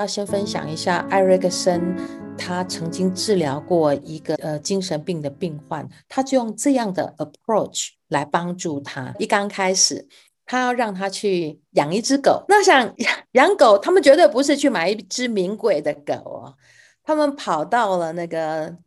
要先分享一下艾瑞克森，他曾經治療過一個呃精神病的病患，他就用這樣的 approach 來幫助他。一剛開始，他要讓他去養一隻狗。那想養狗，他們絕對不是去買一隻名貴的狗哦。他們跑到了那個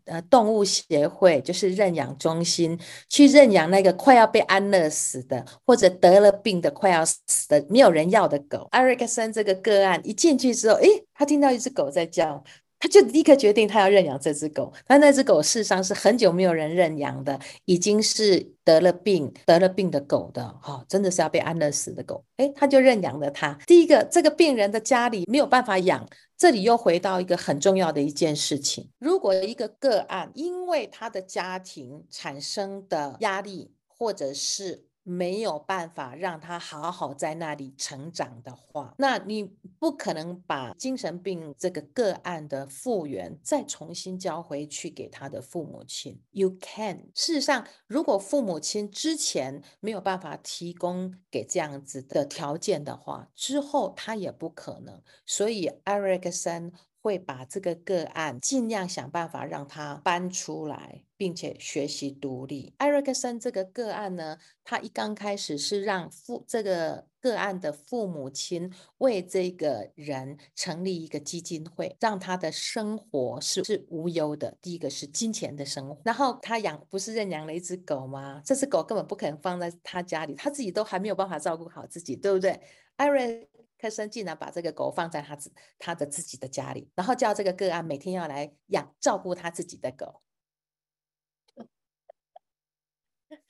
呃動物協會，就是認養中心去認養那個快要被安樂死的，或者得了病的、快要死的、沒有人要的狗。艾瑞克森這個個案一進去之後，哎，他聽到一隻狗在叫，他就立刻決定他要認養這隻狗。但那隻狗事實上是很久沒有人認養的，已經是得了病、得了病的狗的，哈、哦，真的是要被安樂死的狗。哎，他就認養了它。第一個，這個病人的家裡沒有辦法養。這裡又回到一個很重要的一件事情。如果一個個案因為他的家庭產生的壓力，或者是。沒有辦法讓他好好在那裡成長的話，那你不可能把精神病這個個案的復原再重新交回去給他的父母親。You can，事實上，如果父母親之前沒有辦法提供給這樣子的條件的話，之後他也不可能。所以，艾瑞克森，會把這個個案盡量想辦法讓他搬出來，並且學習獨立。艾瑞克森這個個案呢，他一剛開始是讓父這個個案的父母親為這個人成立一個基金會，讓他的生活是是無憂的。第一個是金錢的生活，然後他養不是認養了一隻狗嗎？這隻狗根本不肯放在他家裡，他自己都還沒有辦法照顧好自己，對不對，艾瑞？醫生竟然把這個狗放在他自、他的自己的家裡，然後叫這個個案每天要來養、照顧他自己的狗。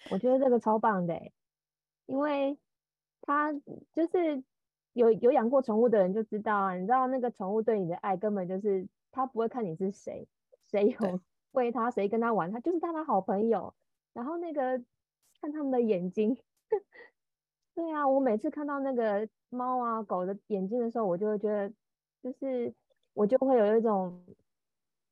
我覺得這個超棒的，因為他就是有有養過寵物的人就知道啊，你知道那個寵物對你的愛根本就是，他不會看你是誰，誰有餵他，誰跟他玩他，他就是他的好朋友。然後那個看他們的眼睛。 對啊，我每次看到那個貓啊、狗的眼睛的時候，我就會覺得，就是我就會有一種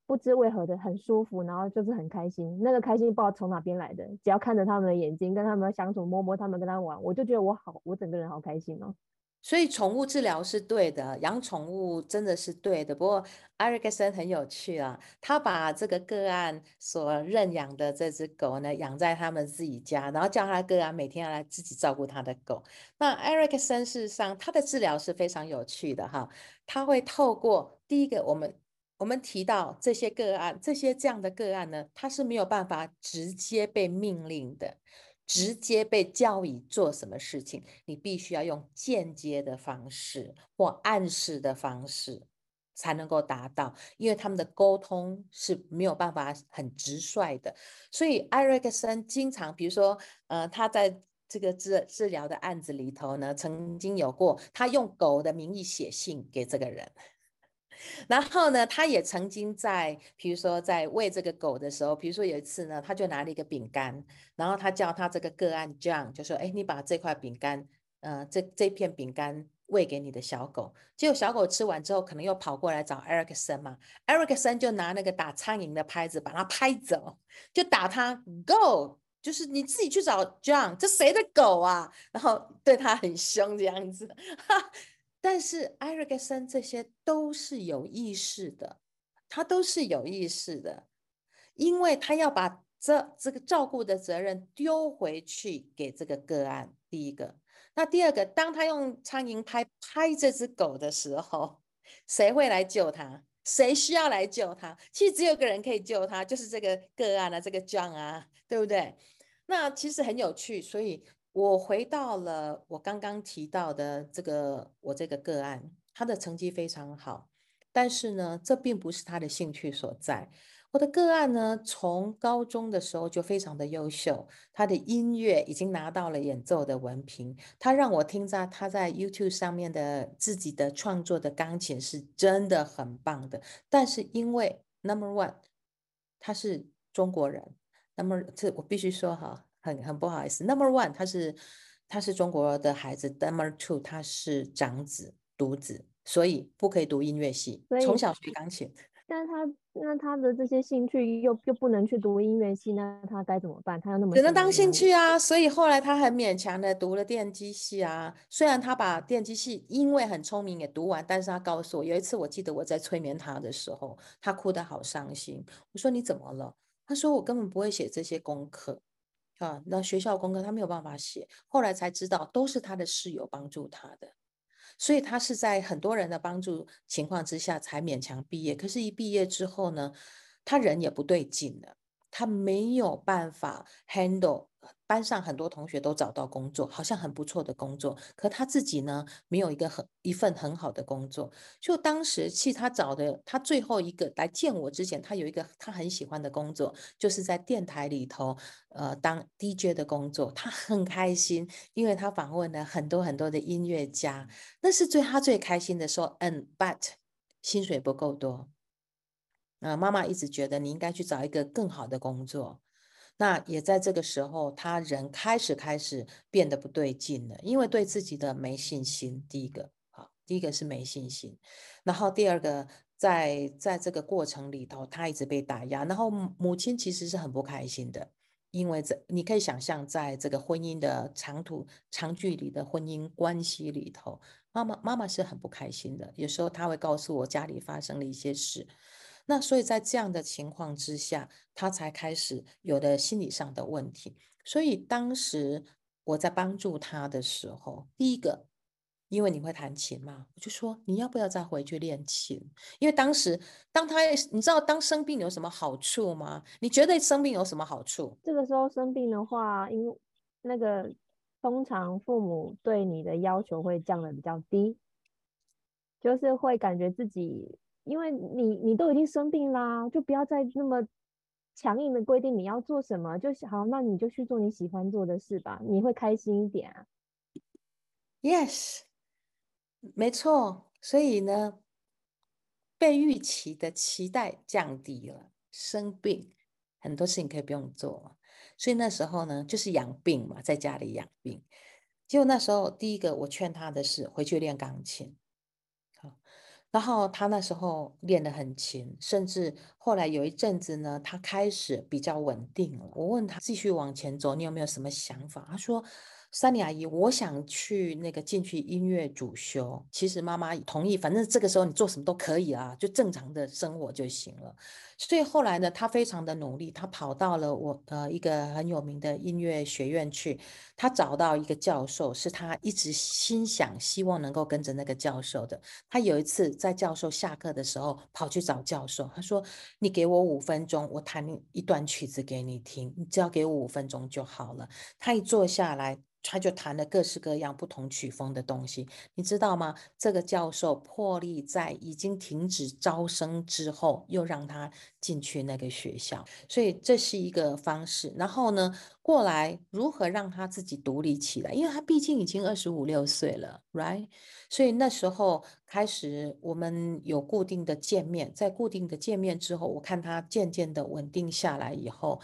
不知為何的很舒服，然後就是很開心。那個開心不知道從哪邊來的，只要看着他們的眼睛，跟他們相處，摸摸他們，跟他們玩，我就覺得我好，我整個人好開心哦。所以寵物治療是對的，養寵物真的是對的。不過艾瑞克森很有趣啊，他把這個個案所認養的這隻狗呢，養在他們自己家，然後叫他個案、啊、每天要來自己照顧他的狗。那艾瑞克森事實上他的治療是非常有趣的哈，他會透過第一個我們我們提到這些個案，這些這樣的個案呢，他是沒有辦法直接被命令的。直接被教育做什麼事情，你必須要用間接的方式或暗示的方式才能夠達到，因為他們的溝通是沒有辦法很直率的。所以艾瑞克森經常，比如說，呃，他在這個治治療的案子裡頭呢，曾經有過他用狗的名義寫信給這個人。然後呢，他也曾經在，比如說在餵這個狗的時候，比如說有一次呢，他就拿了一個餅乾，然後他叫他這個個案 John 就說：“哎，你把這塊餅乾，呃，這這片餅乾餵給你的小狗。”結果小狗吃完之後，可能又跑過來找 Erickson 嘛，Erickson 就拿那個打蒼蠅的拍子把它拍走，就打他 Go，就是你自己去找 John，這誰的狗啊？然後對他很凶這樣子。哈哈但是艾瑞克森這些都是有意識的，他都是有意識的，因為他要把這這個照顧的責任丟回去給這個個案。第一個，那第二個，當他用蒼蠅拍拍這隻狗的時候，誰會來救他？誰需要來救他？其實只有一個人可以救他，就是這個個案啊，這個 John 啊，對不對？那其實很有趣，所以。我回到了我剛剛提到的這個我這個個案，他的成績非常好，但是呢，這並不是他的興趣所在。我的個案呢，從高中的時候就非常的優秀，他的音樂已經拿到了演奏的文憑。他讓我聽在他在 YouTube 上面的自己的創作的鋼琴是真的很棒的，但是因為 number one 他是中國人，number two，我必須說哈。很很不好意思。Number one，他是他是中國的孩子。Number two，他是長子獨子，所以不可以讀音樂系，所以從小學鋼琴。但他那他的這些興趣又又不能去讀音樂系，那他該怎麼辦？他要那麼只能當興趣啊，嗯。所以後來他很勉強的讀了電機系啊。雖然他把電機系因為很聰明也讀完，但是他告訴我有一次，我記得我在催眠他的時候，他哭得好傷心。我說你怎麼了？他說我根本不會寫這些功課。啊，那學校功課他沒有辦法寫，後來才知道都是他的室友幫助他的，所以他是在很多人的幫助情況之下才勉強畢業。可是，一畢業之後呢，他人也不對勁了。他沒有辦法 handle 班上很多同學都找到工作，好像很不錯的工作，可他自己呢沒有一個很一份很好的工作。就當時去他找的，他最後一個來見我之前，他有一個他很喜歡的工作，就是在電台裡頭，呃，當 DJ 的工作。他很開心，因為他訪問了很多很多的音樂家，那是最他最開心的說，嗯，But 薪水不夠多。那、嗯、媽媽一直覺得你應該去找一個更好的工作。那也在這個時候，他人開始開始變得不對勁了，因為對自己的沒信心。第一個，啊，第一個是沒信心。然後第二個，在在這個過程裡頭，他一直被打壓。然後母親其實是很不開心的，因為這你可以想象，在這個婚姻的長途長距離的婚姻關係裡頭，媽媽媽媽是很不開心的。有時候她會告訴我家裡發生了一些事。那所以，在這樣的情況之下，他才開始有了心理上的問題。所以當時我在幫助他的時候，第一個，因為你會彈琴嘛，我就說你要不要再回去練琴？因為當時當他你知道當生病有什麼好處嗎？你覺得生病有什麼好處？這個時候生病的話，因為那個通常父母對你的要求會降得比較低，就是會感覺自己。因為你你都已經生病啦，就不要再那麼強硬的規定你要做什麼，就是好，那你就去做你喜歡做的事吧，你會開心一點啊。Yes，沒錯。所以呢，被預期的期待降低了，生病，很多事情可以不用做，所以那時候呢，就是養病嘛，在家裡養病。就那時候，第一個我勸他的是回去練鋼琴。然後他那時候練得很勤，甚至後來有一陣子呢，他開始比較穩定了。我問他繼續往前走，你有沒有什麼想法？他說。三里阿姨，我想去那個進去音樂主修。其實媽媽同意，反正這個時候你做什麼都可以啊，就正常的生活就行了。所以後來呢，他非常的努力，他跑到了我的、呃、一個很有名的音樂學院去。他找到一個教授，是他一直心想希望能夠跟着那個教授的。他有一次在教授下課的時候跑去找教授，他說：“你給我五分鐘，我彈一段曲子給你聽，你只要給我五分鐘就好了。”他一坐下來。他就彈了各式各樣不同曲風的東西，你知道嗎？這個教授破例在已經停止招生之後，又讓他進去那個學校，所以這是一個方式。然後呢，過來如何讓他自己獨立起來？因為他畢竟已經二十五六歲了，right？所以那時候開始，我們有固定的見面，在固定的見面之後，我看他漸漸的穩定下來以後，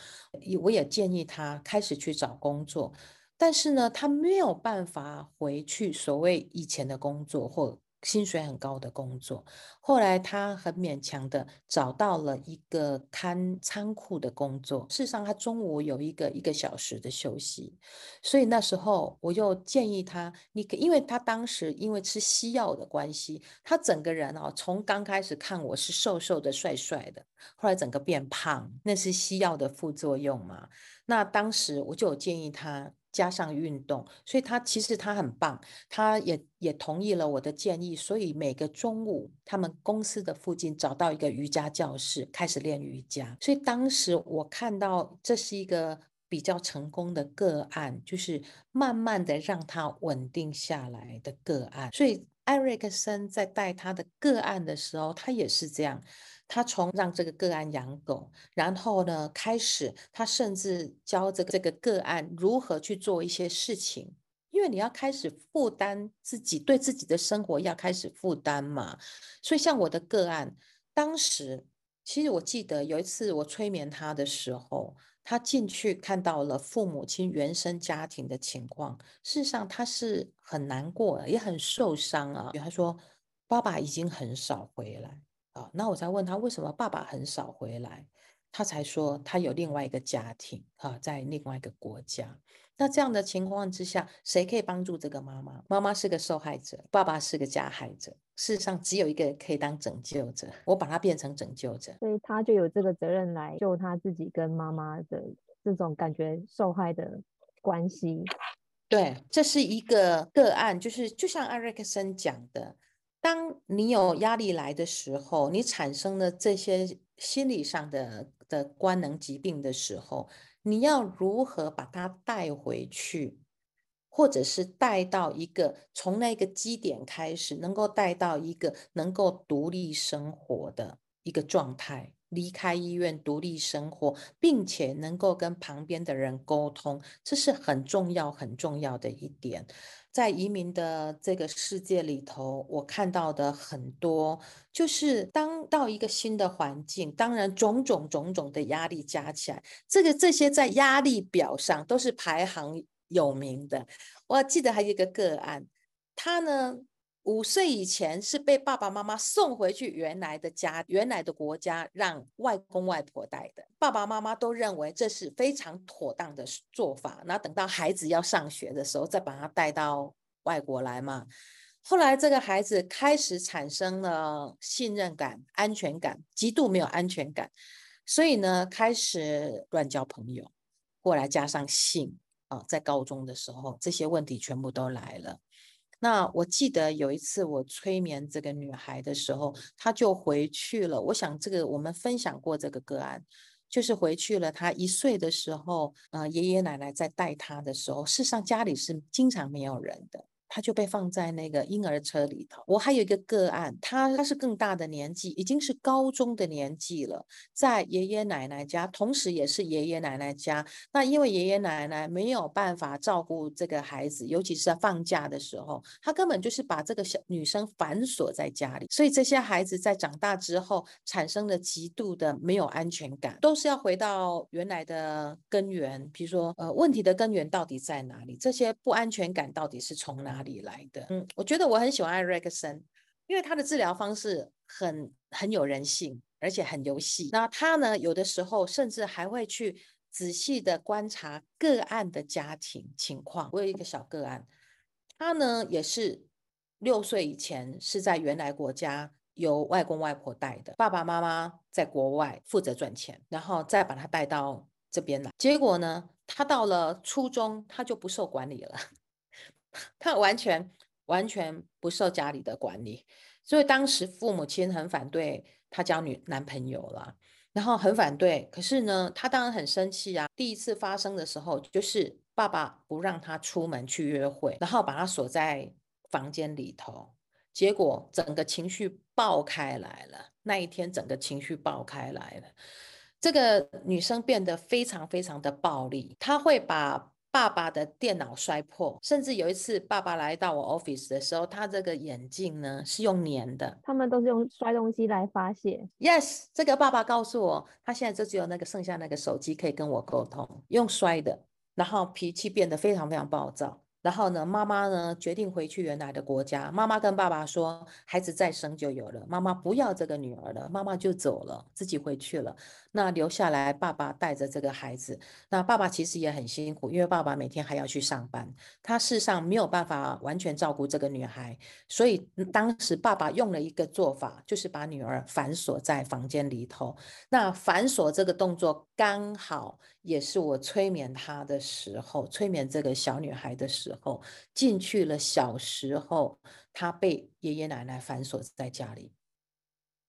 我也建議他開始去找工作。但是呢，他沒有辦法回去所謂以前的工作或薪水很高的工作。後來他很勉強的找到了一個看倉庫的工作。事實上，他中午有一個一個小時的休息。所以那時候我就建議他，你可因為他當時因為吃西藥的關係，他整個人哦，從剛開始看我是瘦瘦的、帥帥的，後來整個變胖，那是西藥的副作用嘛。那當時我就有建議他。加上運動，所以他其實他很棒，他也也同意了我的建議。所以每個中午，他們公司的附近找到一個瑜伽教室，開始練瑜伽。所以當時我看到這是一個比較成功的個案，就是慢慢的讓他穩定下來的個案。所以艾瑞克森在帶他的個案的時候，他也是這樣。他從讓這個個案養狗，然後呢，開始他甚至教這個這個個案如何去做一些事情，因為你要開始負擔自己，對自己的生活要開始負擔嘛。所以像我的個案，當時其實我記得有一次我催眠他的時候，他進去看到了父母親原生家庭的情況，事實上他是很難過啊，也很受傷啊。他說：“爸爸已經很少回來。”啊、哦，那我才問他為什麼爸爸很少回來，他才說他有另外一個家庭，啊，在另外一個國家。那這樣的情況之下，誰可以幫助這個媽媽？媽媽是個受害者，爸爸是個加害者。世上，只有一個可以當拯救者，我把他變成拯救者，所以他就有這個責任來救他自己跟媽媽的這種感覺受害的關係。對，這是一個個案，就是就像艾瑞克森講的。當你有壓力來的時候，你產生了這些心理上的的官能疾病的時候，你要如何把它帶回去，或者是帶到一個從那個基點開始，能夠帶到一個能夠獨立生活的一個狀態？離開醫院獨立生活，並且能夠跟旁邊的人溝通，這是很重要、很重要的一點。在移民的這個世界裡頭，我看到的很多，就是當到一個新的環境，當然種種種種的壓力加起來，這個這些在壓力表上都是排行有名的。我記得還有一個個案，他呢。五歲以前是被爸爸媽媽送回去原來的家，原來的國家，讓外公外婆帶的。爸爸媽媽都認為這是非常妥當的做法。那等到孩子要上學的時候，再把他帶到外國來嘛。後來這個孩子開始產生了信任感，安全感，極度沒有安全感，所以呢，開始亂交朋友。後來加上性啊，在高中的時候，這些問題全部都來了。那我記得有一次我催眠這個女孩的時候，她就回去了。我想這個我們分享過這個個案，就是回去了。她一歲的時候，呃，爺爺奶奶在帶她的時候，事實上家裡是經常沒有人的。他就被放在那個嬰兒車裡頭。我還有一個個案，他他是更大的年紀，已經是高中的年紀了，在爺爺奶奶家，同時也是爺爺奶奶家。那因為爺爺奶奶沒有辦法照顧這個孩子，尤其是在放假的時候，他根本就是把這個小女生反鎖在家裡。所以這些孩子在長大之後，產生了極度的沒有安全感，都是要回到原來的根源，比如說呃，問題的根源到底在哪裡？這些不安全感到底是從哪裡裡來的，嗯，我覺得我很喜歡艾瑞克森，因為他的治療方式很很有人性，而且很遊戲。那他呢，有的時候甚至還會去仔細的觀察個案的家庭情況。我有一個小個案，他呢也是六歲以前是在原來國家由外公外婆帶的，爸爸媽媽在國外負責賺錢，然後再把他帶到這邊來。結果呢，他到了初中，他就不受管理了。他完全完全不受家裡的管理，所以當時父母親很反對他交女男朋友了，然後很反對。可是呢，他當然很生氣啊。第一次發生的時候，就是爸爸不讓他出門去約會，然後把他鎖在房間裡頭，結果整個情緒爆開來了。那一天，整個情緒爆開來了，這個女生變得非常非常的暴力，她會把。爸爸的電腦摔破，甚至有一次爸爸來到我 office 的時候，他這個眼鏡呢是用粘的。他們都是用摔東西來發洩。Yes，這個爸爸告訴我，他現在就只有那個剩下那個手機可以跟我溝通，用摔的，然後脾氣變得非常非常暴躁。然後呢，媽媽呢決定回去原來的國家。媽媽跟爸爸說，孩子再生就有了，媽媽不要這個女兒了，媽媽就走了，自己回去了。那留下來，爸爸帶着這個孩子。那爸爸其實也很辛苦，因為爸爸每天還要去上班，他事實上沒有辦法完全照顧這個女孩。所以當時爸爸用了一個做法，就是把女兒反鎖在房間裡頭。那反鎖這個動作，剛好也是我催眠他的時候，催眠這個小女孩的時候，進去了小時候她被爺爺奶奶反鎖在家裡。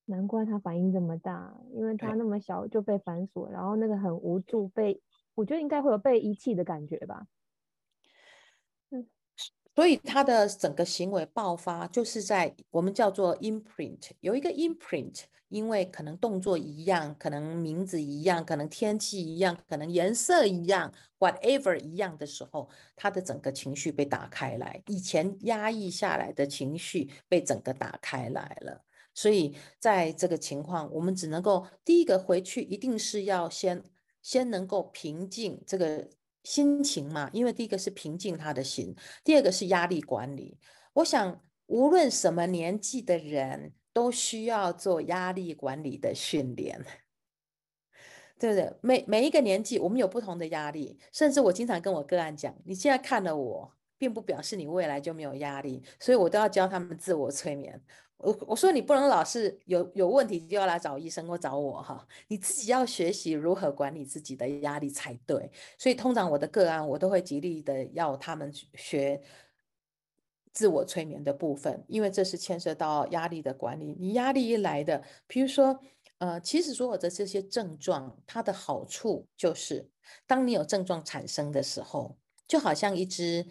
難怪他反應這麼大，因為他那麼小就被反鎖，嗯，然後那個很無助被，被我覺得應該會有被遺棄的感覺吧。嗯，所以他的整個行為爆發就是在我們叫做 imprint，有一個 imprint，因為可能動作一樣，可能名字一樣，可能天氣一樣，可能顏色一樣，whatever 一樣的時候，他的整個情緒被打開來，以前壓抑下來的情緒被整個打開來了。所以，在這個情況，我們只能夠第一個回去，一定是要先先能夠平靜這個心情嘛。因為第一個是平靜他的心，第二個是壓力管理。我想，無論什麼年紀的人都需要做壓力管理的訓練，對不對？每每一個年紀，我們有不同的壓力。甚至我經常跟我個案講，你現在看了我，並不表示你未來就沒有壓力，所以我都要教他們自我催眠。我我說，你不能老是有有問題就要來找醫生或找我哈，你自己要學習如何管理自己的壓力才對。所以通常我的個案，我都會極力的要他們學自我催眠的部分，因為這是牽涉到壓力的管理。你壓力一來的，比如說，呃，其實所有的這些症狀，它的好處就是，當你有症狀產生的時候，就好像一隻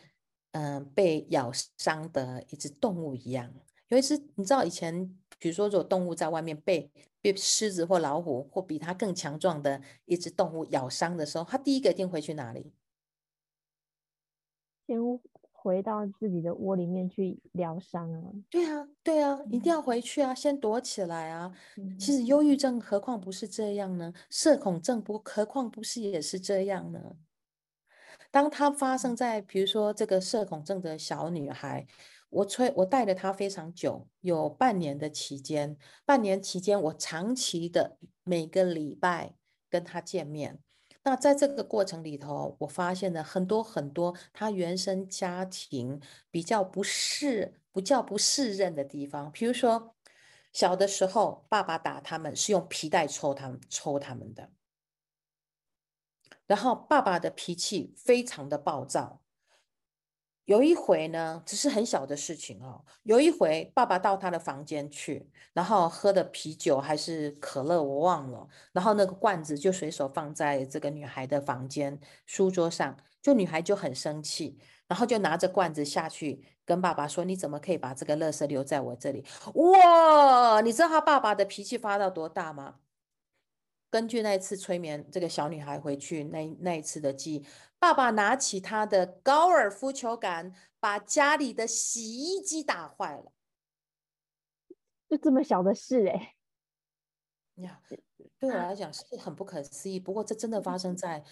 嗯、呃、被咬傷的一隻動物一樣。尤其是，你知道以前，比如說，如果動物在外面被被獅子或老虎或比它更強壯的一隻動物咬傷的時候，它第一個一定回去哪裡？先回到自己的窩裡面去療傷啊。對啊，對啊，一定要回去啊、嗯，先躲起來啊。其實，憂鬱症何況不是這樣呢？社恐症不，何況不是也是這樣呢？當它發生在，比如說這個社恐症的小女孩。我催我帶了他非常久，有半年的期間。半年期間，我長期的每個禮拜跟他見面。那在這個過程裡頭，我發現了很多很多他原生家庭比較不適、不叫不適任的地方。比如說，小的時候，爸爸打他們是用皮帶抽他們、抽他們的。然後，爸爸的脾氣非常的暴躁。有一回呢，只是很小的事情哦。有一回，爸爸到他的房間去，然後喝的啤酒還是可樂，我忘了。然後那個罐子就隨手放在這個女孩的房間書桌上，就女孩就很生氣，然後就拿着罐子下去跟爸爸說：“你怎麼可以把這個垃圾留在我這裡？”哇，你知道他爸爸的脾氣發到多大嗎？根據那一次催眠，這個小女孩回去那那一次的記憶，爸爸拿起他的高爾夫球桿，把家裡的洗衣機打壞了，就這麼小的事哎、欸，呀、yeah，對我來講是很不可思議、啊，不過這真的發生在。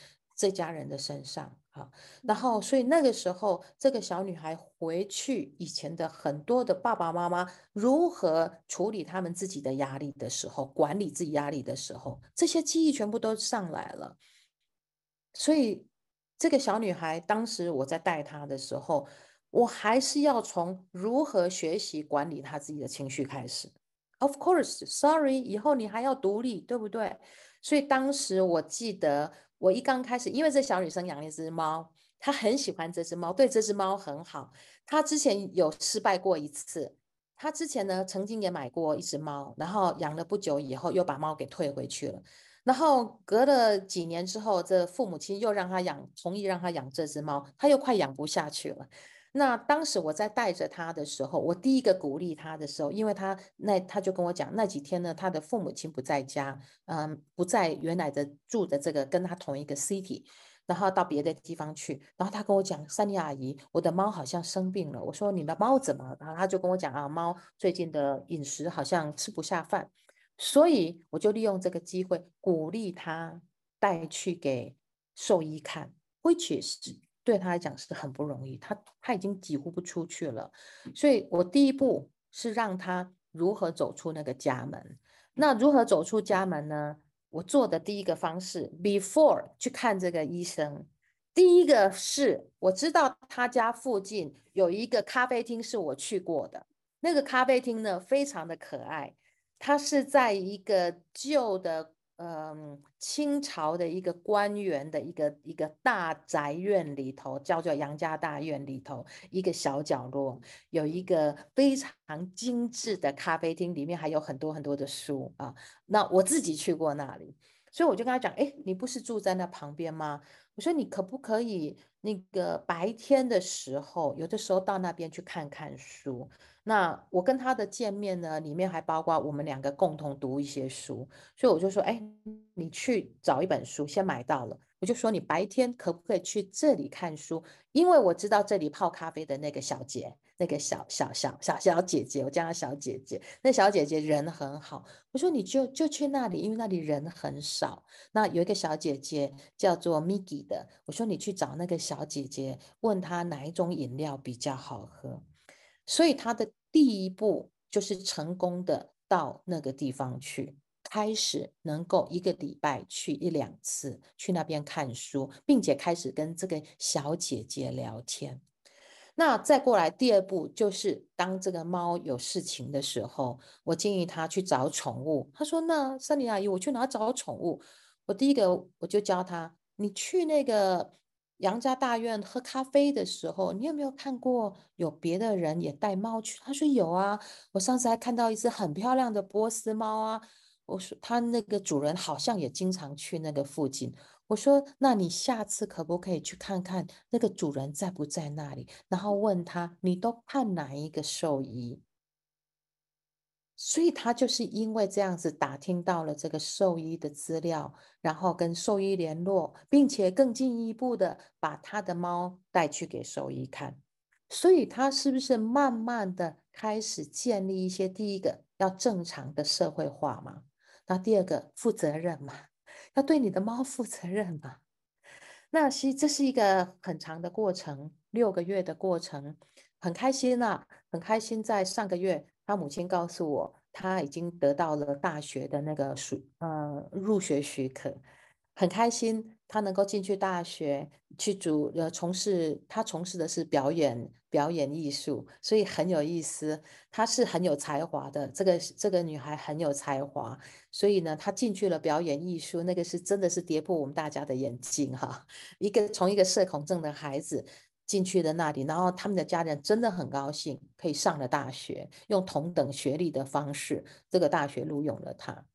這家人的身上好、啊，然後，所以那個時候，這個小女孩回去以前的很多的爸爸媽媽如何處理他們自己的壓力的時候，管理自己壓力的時候，這些記憶全部都上來了。所以，這個小女孩當時我在帶她的時候，我還是要從如何學習管理她自己的情緒開始。Of course，sorry，以後你還要獨立，對不對？所以當時我記得。我一剛開始，因為這小女生養了一隻貓，她很喜歡這隻貓，對這隻貓很好。她之前有失敗過一次，她之前呢曾經也買過一隻貓，然後養了不久以後又把貓給退回去了。然後隔了幾年之後，這父母親又讓她養，同意讓她養這隻貓，她又快養不下去了。那當時我在帶着他的時候，我第一個鼓勵他的時候，因為他那他就跟我講，那幾天呢，他的父母親不在家，嗯，不在原來的住的這個跟他同一個 city，然後到別的地方去，然後他跟我講，三妮阿姨，我的貓好像生病了。我說你的貓怎麼？然後他就跟我講啊，貓最近的飲食好像吃不下飯，所以我就利用這個機會鼓勵他帶去給獸醫看，which is。對他來講是很不容易，他他已經幾乎不出去了，所以我第一步是讓他如何走出那個家門。那如何走出家門呢？我做的第一個方式，Before 去看這個醫生，第一個是我知道他家附近有一個咖啡廳是我去過的，那個咖啡廳呢，非常的可愛，它是在一個舊的。嗯，清朝的一個官員的一個一個大宅院裡頭，叫做楊家大院裡頭，一個小角落，有一個非常精緻的咖啡廳，裡面還有很多很多的書啊。那我自己去過那裡，所以我就跟他講，哎，你不是住在那旁邊嗎？我說你可不可以？那個白天的時候，有的時候到那邊去看看書。那我跟他的見面呢，裡面還包括我們兩個共同讀一些書。所以我就說，哎，你去找一本書先買到了。我就說你白天可不可以去這裡看書？因為我知道這裡泡咖啡的那個小姐。那個小小小小小姐姐，我叫她小姐姐。那小姐姐人很好，我說你就就去那裡，因為那裡人很少。那有一個小姐姐叫做 Miki 的，我說你去找那個小姐姐，問她哪一種飲料比較好喝。所以她的第一步就是成功的到那個地方去，開始能夠一個禮拜去一兩次去那邊看書，並且開始跟這個小姐姐聊天。那再過來，第二步就是當這個貓有事情的時候，我建議他去找寵物。他說：“那三林阿姨，我去哪找寵物？”我第一個我就教他，你去那個楊家大院喝咖啡的時候，你有沒有看過有別的人也帶貓去？他說：“有啊，我上次還看到一隻很漂亮的波斯貓啊。”我說：“他那個主人好像也經常去那個附近。”我說：“那你下次可不可以去看看那個主人在不在那裡？然後問他，你都看哪一個獸醫？所以他就是因為這樣子打聽到了這個獸醫的資料，然後跟獸醫聯絡，並且更進一步的把他的貓帶去給獸醫看。所以他是不是慢慢的開始建立一些，第一個要正常的社會化嘛，那第二個負責任嘛。”他對你的貓負責任嗎？那其這是一個很長的過程，六個月的過程，很開心吶、啊，很開心。在上個月，他母親告訴我，他已經得到了大學的那個許，呃，入學許可，很開心。他能夠進去大學去主呃從事，他從事的是表演表演藝術，所以很有意思。他是很有才華的，這個這個女孩很有才華，所以呢，她進去了表演藝術，那個是真的是跌破我們大家的眼睛哈。一個從一個社恐症的孩子進去的那裡，然後他們的家人真的很高興，可以上了大學，用同等學歷的方式，這個大學錄用了他。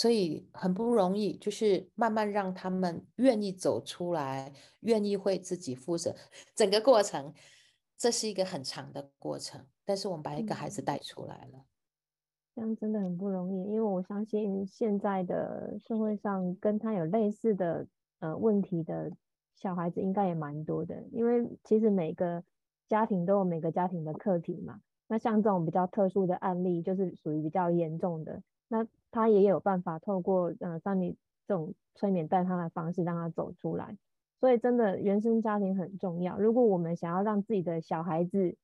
所以很不容易，就是慢慢讓他們願意走出來，願意為自己負責，整個過程，這是一個很長的過程。但是我們把一個孩子帶出來了。嗯，這樣真的很不容易。因為我相信現在的社會上跟他有類似的呃問題的小孩子應該也蠻多的，因為其實每個家庭都有每個家庭的課題嘛。那像這種比較特殊的案例，就是屬於比較嚴重的那。他也有辦法透過，嗯、呃，當你這種催眠帶他的方式，讓他走出來。所以，真的原生家庭很重要。如果我們想要讓自己的小孩子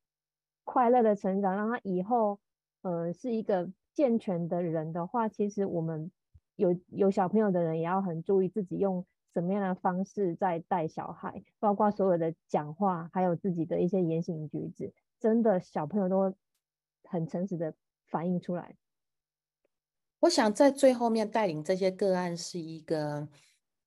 快樂的成長，讓他以後，呃，是一個健全的人的話，其實我們有有小朋友的人也要很注意自己用什麼樣的方式在帶小孩，包括所有的講話，還有自己的一些言行舉止，真的小朋友都很誠實的反映出來。我想在最後面帶領這些個案是一個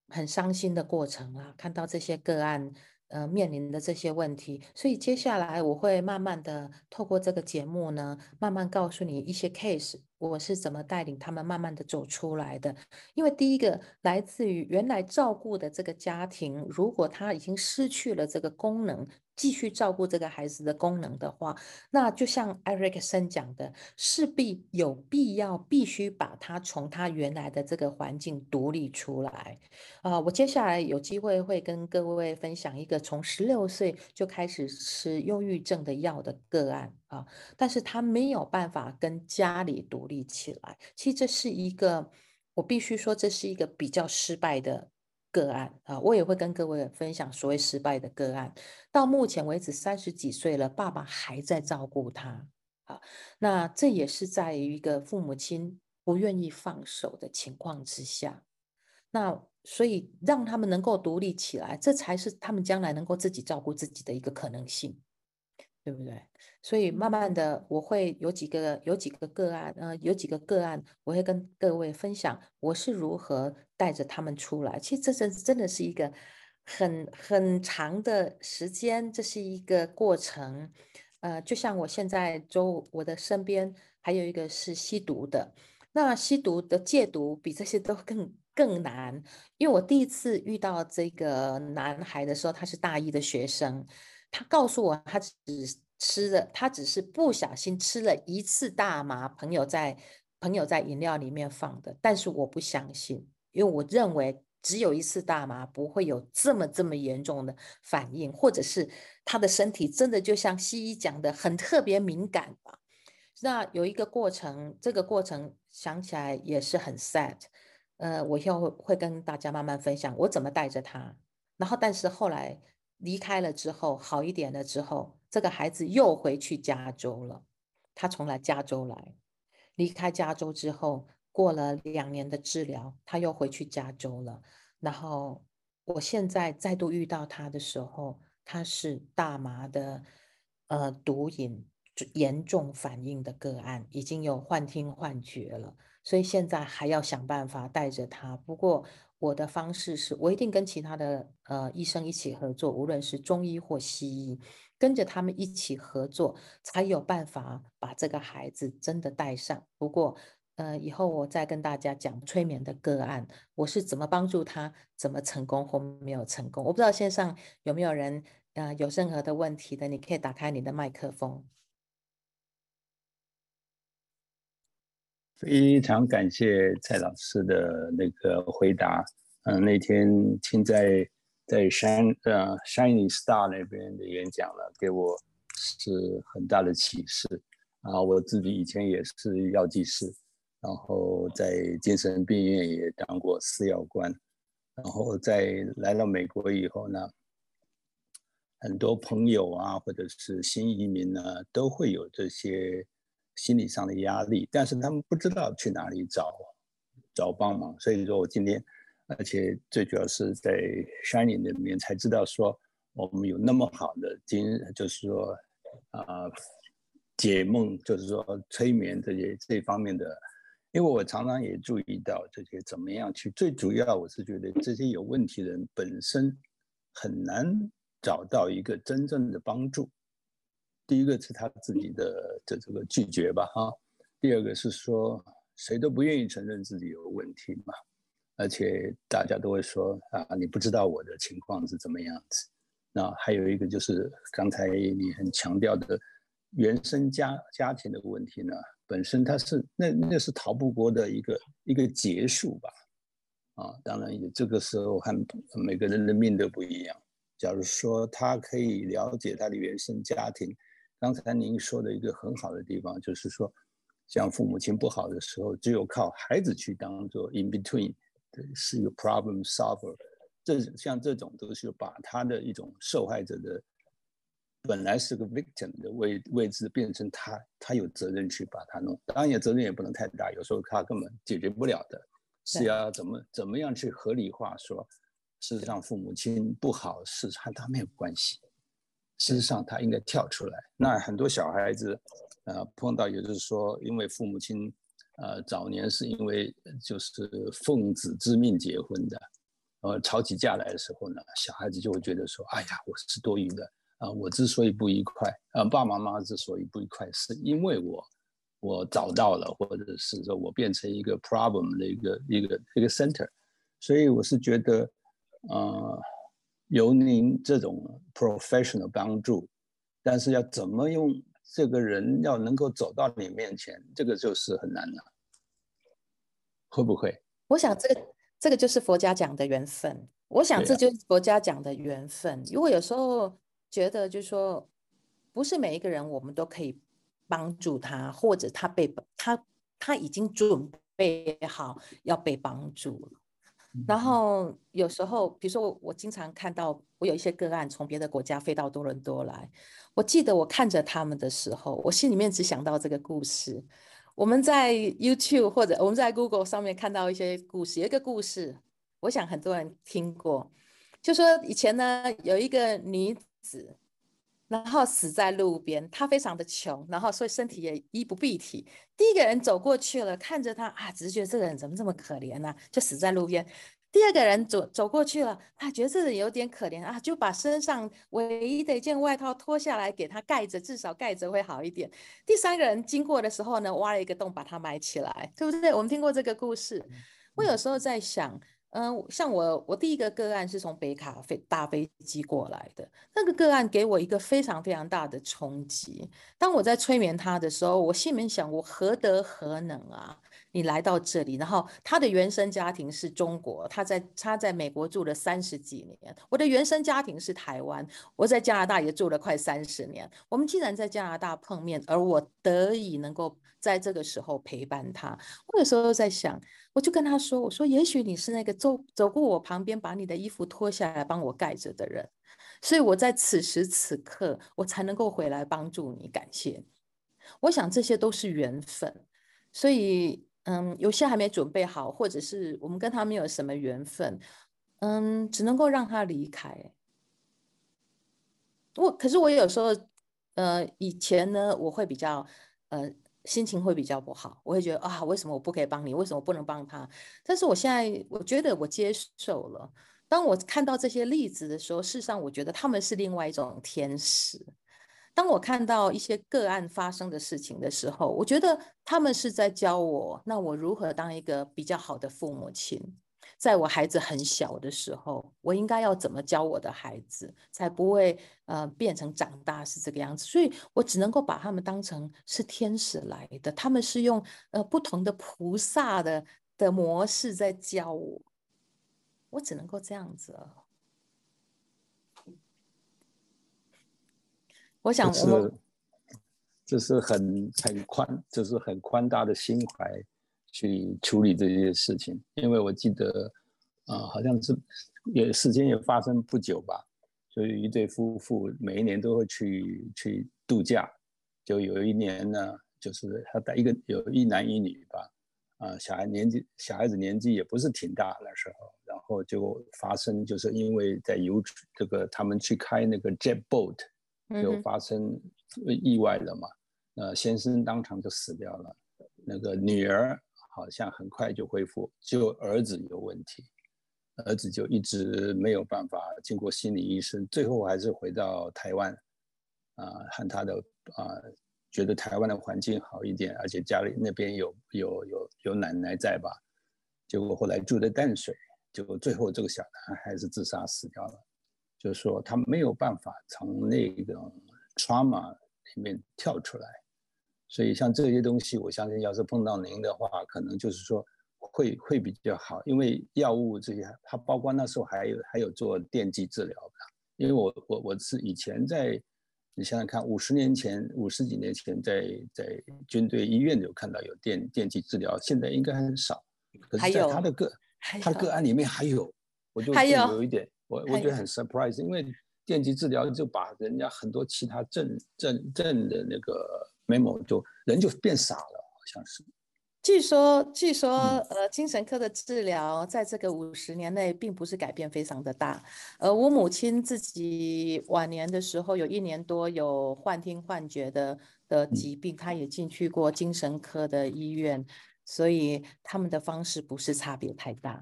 很傷心的過程啊，看到這些個案，呃，面臨的這些問題，所以接下來我會慢慢的透過這個節目呢，慢慢告訴你一些 case，我是怎麼帶領他們慢慢的走出來的。因為第一個來自於原來照顧的這個家庭，如果他已經失去了這個功能。繼續照顧這個孩子的功能的話，那就像艾瑞克森講的，勢必有必要必須把他從他原來的這個環境獨立出來。啊、呃，我接下來有機會會跟各位分享一個從十六歲就開始吃憂鬱症的藥的個案啊，但是他沒有辦法跟家裡獨立起來。其實這是一個，我必須說這是一個比較失敗的。個案啊，我也會跟各位分享所謂失敗的個案。到目前為止，三十幾歲了，爸爸還在照顧他啊。那這也是在一個父母親不願意放手的情況之下。那所以讓他們能夠獨立起來，這才是他們將來能夠自己照顧自己的一個可能性。對不對？所以慢慢的，我會有幾個、有幾個個案，呃，有幾個個案，我會跟各位分享我是如何帶着他們出來。其實這真真的是一個很很長的時間，這是一個過程。呃，就像我現在周我的身邊還有一個是吸毒的，那吸毒的戒毒比這些都更更難。因為我第一次遇到這個男孩的時候，他是大一的學生。他告訴我，他只吃了，他只是不小心吃了一次大麻，朋友在朋友在飲料裡面放的。但是我不相信，因為我認為只有一次大麻不會有這麼這麼嚴重的反應，或者是他的身體真的就像西醫講的很特別敏感吧？那有一個過程，這個過程想起來也是很 sad。呃，我以後會跟大家慢慢分享我怎麼帶着他。然後，但是後來。離開了之後，好一點了之後，這個孩子又回去加州了。他從來加州來，離開加州之後，過了兩年的治療，他又回去加州了。然後我現在再度遇到他的時候，他是大麻的呃毒癮嚴重反應的個案，已經有幻聽幻覺了。所以現在還要想辦法帶着他。不過我的方式是，我一定跟其他的呃醫生一起合作，無論是中醫或西醫，跟着他們一起合作，才有辦法把這個孩子真的帶上。不過呃，以後我再跟大家講催眠的個案，我是怎麼幫助他，怎麼成功或沒有成功。我不知道線上有沒有人呃有任何的問題的，你可以打開你的麥克風。非常感謝蔡老師的那個回答。嗯、呃，那天聽在在山呃 Shining Star 那邊的演講了，給我是很大的啟示。啊,我自己以前也是藥劑師，然後在精神病院也當過司藥官，然後在來到美國以後呢，很多朋友啊，或者是新移民呢、啊，都會有這些，心理上的壓力，但是他們不知道去哪裡找找幫忙，所以說我今天，而且最主要是在 Shining 那邊才知道說我們有那麼好的經，就是說啊解夢，就是說催眠這些這方面的，因為我常常也注意到這些怎麼樣去，最主要我是覺得這些有問題的人本身很難找到一個真正的幫助。第一個是他自己的這這個拒絕吧，哈、啊。第二個是說誰都不願意承認自己有問題嘛，而且大家都會說啊，你不知道我的情況是怎麼樣子。那還有一個就是剛才你很強調的原生家家庭的問題呢，本身他是那那是逃不過的一個一個劫數吧，啊，當然也這個時候和每個人的命都不一樣。假如說他可以了解他的原生家庭。剛才您說的一個很好的地方，就是說，像父母親不好的時候，只有靠孩子去當做 in between，是一個 problem solver。這像這種都是把他的一種受害者的本來是個 victim 的位位置，變成他他有責任去把他弄。當然也，責任也不能太大，有時候他根本解決不了的，是要怎麼怎麼樣去合理化說，事實上父母親不好是和他沒有關係。事實上，他應該跳出來。那很多小孩子，呃，碰到，也就是說，因為父母親，呃，早年是因為就是奉子之命結婚的，呃，吵起架來的時候呢，小孩子就會覺得說：“哎呀，我是多餘的啊，呃！我之所以不愉快，呃，爸爸媽媽之所以不愉快，是因為我，我找到了，或者是說我變成一個 problem 的一個一個一個 center，所以我是覺得，呃。”有您這種 professional 幫助，但是要怎麼用這個人要能夠走到你面前，這個就是很難了。會不會？我想這個這個就是佛家講的緣分。我想這就是佛家講的緣分，啊。如果有時候覺得就是說，不是每一個人我們都可以幫助他，或者他被他他已經準備好要被幫助了。然後有時候，比如說我，我經常看到我有一些個案從別的國家飛到多倫多來。我記得我看着他們的時候，我心裡面只想到這個故事。我們在 YouTube 或者我們在 Google 上面看到一些故事，有一個故事，我想很多人聽過，就說以前呢有一個女子。然後死在路邊，他非常的窮，然後所以身體也衣不蔽體。第一個人走過去了，看着他啊，只是覺得這個人怎麼這麼可憐呢，啊，就死在路邊。第二個人走走過去了，啊，覺得這個人有點可憐啊，就把身上唯一的一件外套脫下來給他蓋着，至少蓋着會好一點。第三個人經過的時候呢，挖了一個洞把他埋起來，對不對？我們聽過這個故事，我有時候在想。嗯、呃，像我，我第一個個案是從北卡飛大飛機過來的那個個案，給我一個非常非常大的衝擊。當我在催眠他的時候，我心裡面想，我何德何能啊？你來到這裡，然後他的原生家庭是中國，他在他在美國住了三十幾年。我的原生家庭是台灣，我在加拿大也住了快三十年。我們既然在加拿大碰面，而我得以能夠在這個時候陪伴他，我有時候在想，我就跟他說：“我說，也許你是那個走走過我旁邊，把你的衣服脫下來幫我蓋着的人。”所以我在此時此刻，我才能夠回來幫助你，感謝你。我想這些都是緣分，所以。嗯，有些還沒準備好，或者是我們跟他沒有什麼緣分，嗯，只能夠讓他離開。我可是我有時候，呃，以前呢，我會比較，呃，心情會比較不好，我會覺得啊，為什麼我不可以幫你，為什麼不能幫他？但是我現在我覺得我接受了。當我看到這些例子的時候，事實上我覺得他們是另外一種天使。當我看到一些個案發生的事情的時候，我覺得他們是在教我，那我如何當一個比較好的父母親？在我孩子很小的時候，我應該要怎麼教我的孩子，才不會呃變成長大是這個樣子？所以我只能夠把他們當成是天使來的，他們是用呃不同的菩薩的的模式在教我，我只能夠這樣子。我想說，這、就是就是很很寬，這、就是很寬大的心懷去處理這些事情。因為我記得，啊、呃，好像是也時間也發生不久吧。所以一對夫婦每一年都會去去度假。就有一年呢，就是他帶一個有一男一女吧，啊、呃，小孩年紀小孩子年紀也不是挺大的時候，然後就發生，就是因為在游這個他們去開那個 jet boat。就發生意外了嘛，呃，先生當場就死掉了。那個女兒好像很快就恢復，就兒子有問題，兒子就一直沒有辦法。經過心理醫生，最後還是回到台灣，啊、呃，和他的啊、呃，覺得台灣的環境好一點，而且家裡那邊有有有有奶奶在吧。結果後來住在淡水，就最後這個小男孩還是自殺死掉了。就是說，他沒有辦法從那個 trauma 裡面跳出來，所以像這些東西，我相信要是碰到您的話，可能就是說會會比較好，因為藥物這些，它包括那時候還有還有做電擊治療的，因為我我我是以前在，你想想看，五十年前、五十幾年前在在軍隊醫院有看到有電電擊治療，現在應該很少，可是在他的個他的個案裡面還有，我就有一點。我我覺得很 surprise，、哎、因為電擊治療就把人家很多其他症症症的那個 memo 就人就變傻了，好像是。據說據說、嗯、呃，精神科的治療在這個五十年內並不是改變非常的大。呃，我母親自己晚年的時候有一年多有幻聽幻覺的的疾病，嗯，她也進去過精神科的醫院，所以他們的方式不是差別太大。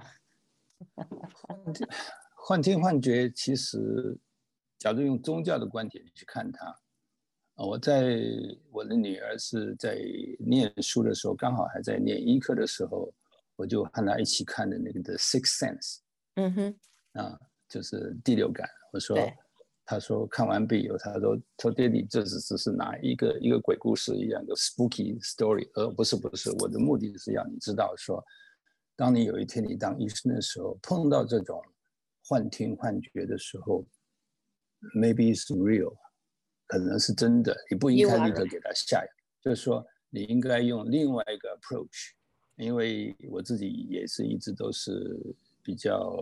幻聽幻覺，其實，假如用宗教的觀點去看它，啊，我在我的女兒是在念書的時候，剛好還在念醫科的時候，我就和她一起看的那個《The Sixth Sense》。嗯哼。啊，就是第六感。我說，她說看完畢以後，她說：“說爹地，這只只是哪一個一個鬼故事一樣的 spooky story。”呃，不是，不是，我的目的是要你知道，說，當你有一天你當醫生的時候，碰到這種。幻聽幻覺的時候，maybe it's real，可能是真的。你不應該立刻給他下藥，就是說你應該用另外一個 approach。因為我自己也是一直都是比較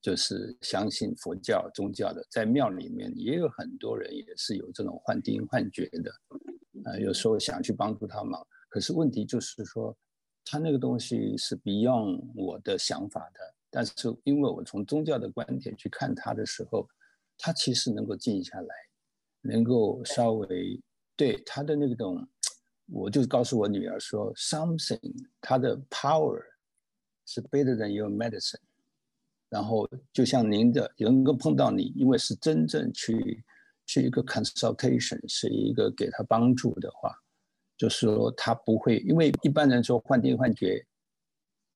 就是相信佛教宗教的，在廟裡面也有很多人也是有這種幻聽幻覺的。啊、呃，有時候想去幫助他嘛，可是問題就是說，他那個東西是 beyond 我的想法的。但是因為我從宗教的觀點去看他的時候，他其實能夠靜下來，能夠稍微對他的那種，我就告訴我女兒說，something，他的 power 是 better than your medicine。然後就像您的，能夠碰到你，因為是真正去去一個 consultation，是一個給他幫助的話，就是說他不會，因為一般人說幻聽幻覺，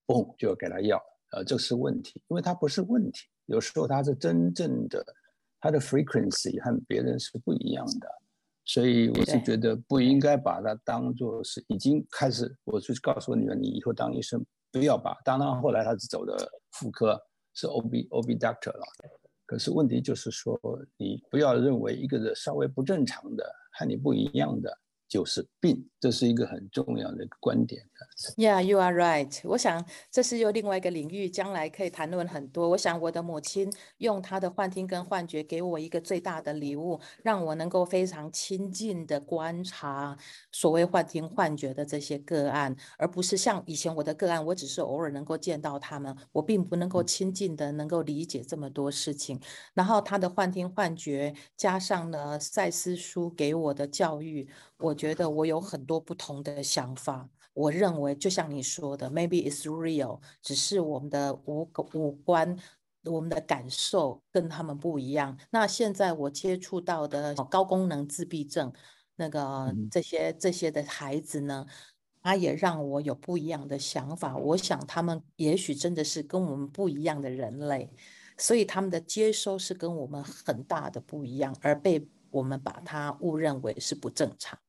嘣、哦、就要給他藥。呃，這、就是問題，因為它不是問題。有時候它是真正的，它的 frequency 和別人是不一樣的，所以我是覺得不應該把它當作是已經開始。我就告訴你了，你以後當醫生不要把。當然後來他是走的婦科，是 OB OB doctor 了。可是問題就是說，你不要認為一個人稍微不正常的和你不一樣的。就是病，這是一個很重要的觀點。Yeah, you are right. 我想這是又另外一個領域，將來可以談論很多。我想我的母親用她的幻聽跟幻覺給我一個最大的禮物，讓我能夠非常親近的觀察所謂幻聽幻覺的這些個案，而不是像以前我的個案，我只是偶爾能夠見到他們，我並不能夠親近的能夠理解這麼多事情。嗯。然後他的幻聽幻覺加上呢賽斯書給我的教育。我覺得我有很多不同的想法。我認為，就像你說的，maybe it's real，只是我們的五、五官、我們的感受跟他們不一樣。那現在我接觸到的高功能自閉症那個這些這些的孩子呢，他也讓我有不一樣的想法。我想他們也許真的是跟我們不一樣的人類，所以他們的接收是跟我們很大的不一樣，而被我們把他誤認為是不正常。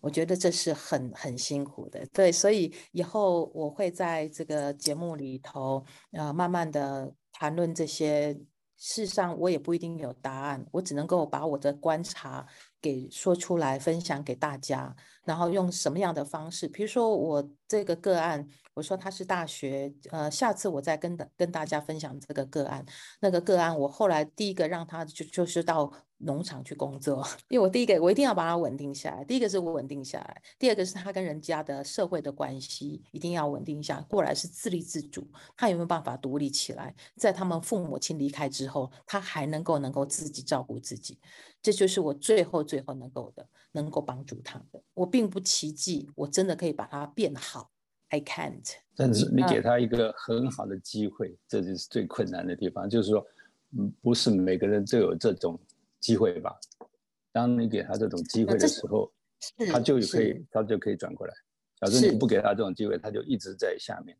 我覺得這是很很辛苦的，對，所以以後我會在這個節目裡頭，呃，慢慢的談論這些，事實上我也不一定有答案，我只能夠把我的觀察給說出來，分享給大家，然後用什麼樣的方式，比如說我這個個案。我說他是大學，呃，下次我再跟的跟大家分享這個個案、那個個案。我後來第一個讓他就就是到農場去工作，因為我第一個我一定要把他穩定下來，第一個是我穩定下來，第二個是他跟人家的社會的關係一定要穩定下來，過來是自立自主，他有沒有辦法獨立起來，在他們父母親離開之後，他還能夠能夠自己照顧自己，這就是我最後最後能夠的，能夠幫助他的，我並不奇蹟，我真的可以把他變好。I can't。但是你給他一個很好的機會，啊、這就是最困難的地方。就是說，不是每個人都有這種機會吧？當你給他這種機會的時候，啊、他就可以，他就可以轉過來。假如你不給他這種機會，他就一直在下面，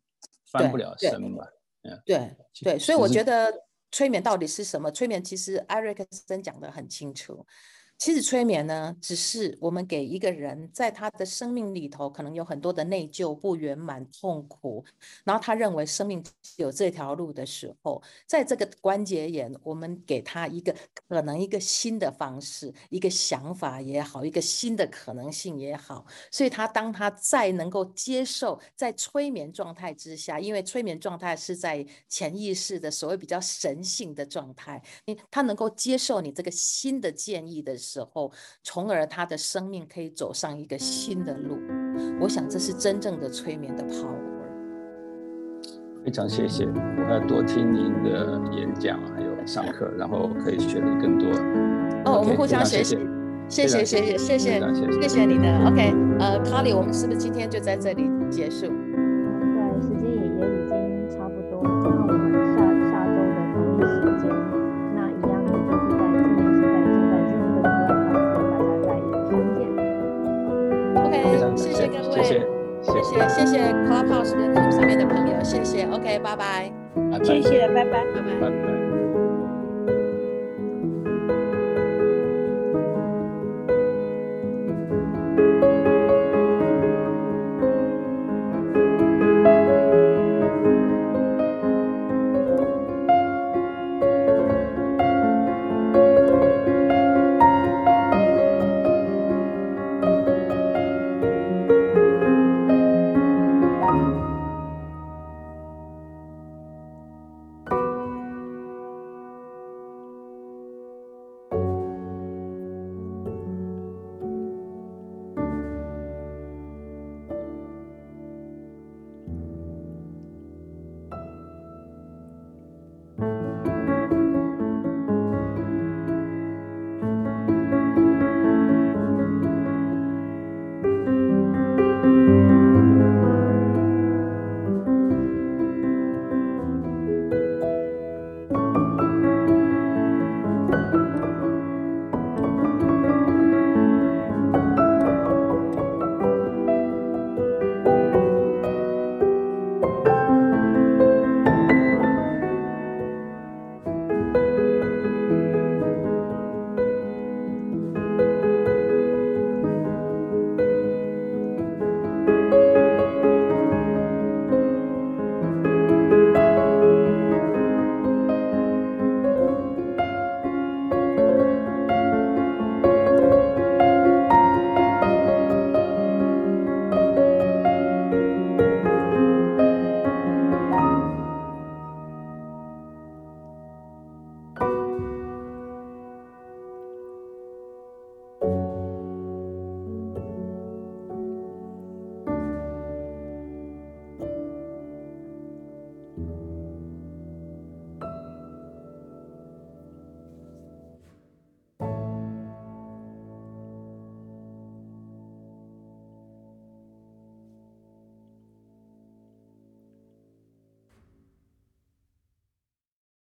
翻不了身嘛。嗯，對嗯對。所以我覺得催眠到底是什麼？催眠其實艾瑞克森講得很清楚。其實催眠呢，只是我們給一個人，在他的生命裡頭，可能有很多的內疚、不圓滿、痛苦，然後他認為生命有這條路的時候，在這個關節眼，我們給他一個可能一個新的方式，一個想法也好，一個新的可能性也好。所以，他當他再能夠接受，在催眠狀態之下，因為催眠狀態是在潛意識的所謂比較神性的狀態，你他能夠接受你這個新的建議的時候。時。時候，從而他的生命可以走上一個新的路。我想這是真正的催眠的 power。非常謝謝，我要多聽您的演講，還有上課，然後可以學得更多。哦，okay, 我們互相學習，謝謝謝謝謝謝謝謝，謝，謝，謝，謝，謝謝你的，嗯。OK，呃，卡里，嗯，我們是不是今天就在這裡結束？謝謝，OK，拜拜，謝謝，拜拜，拜拜。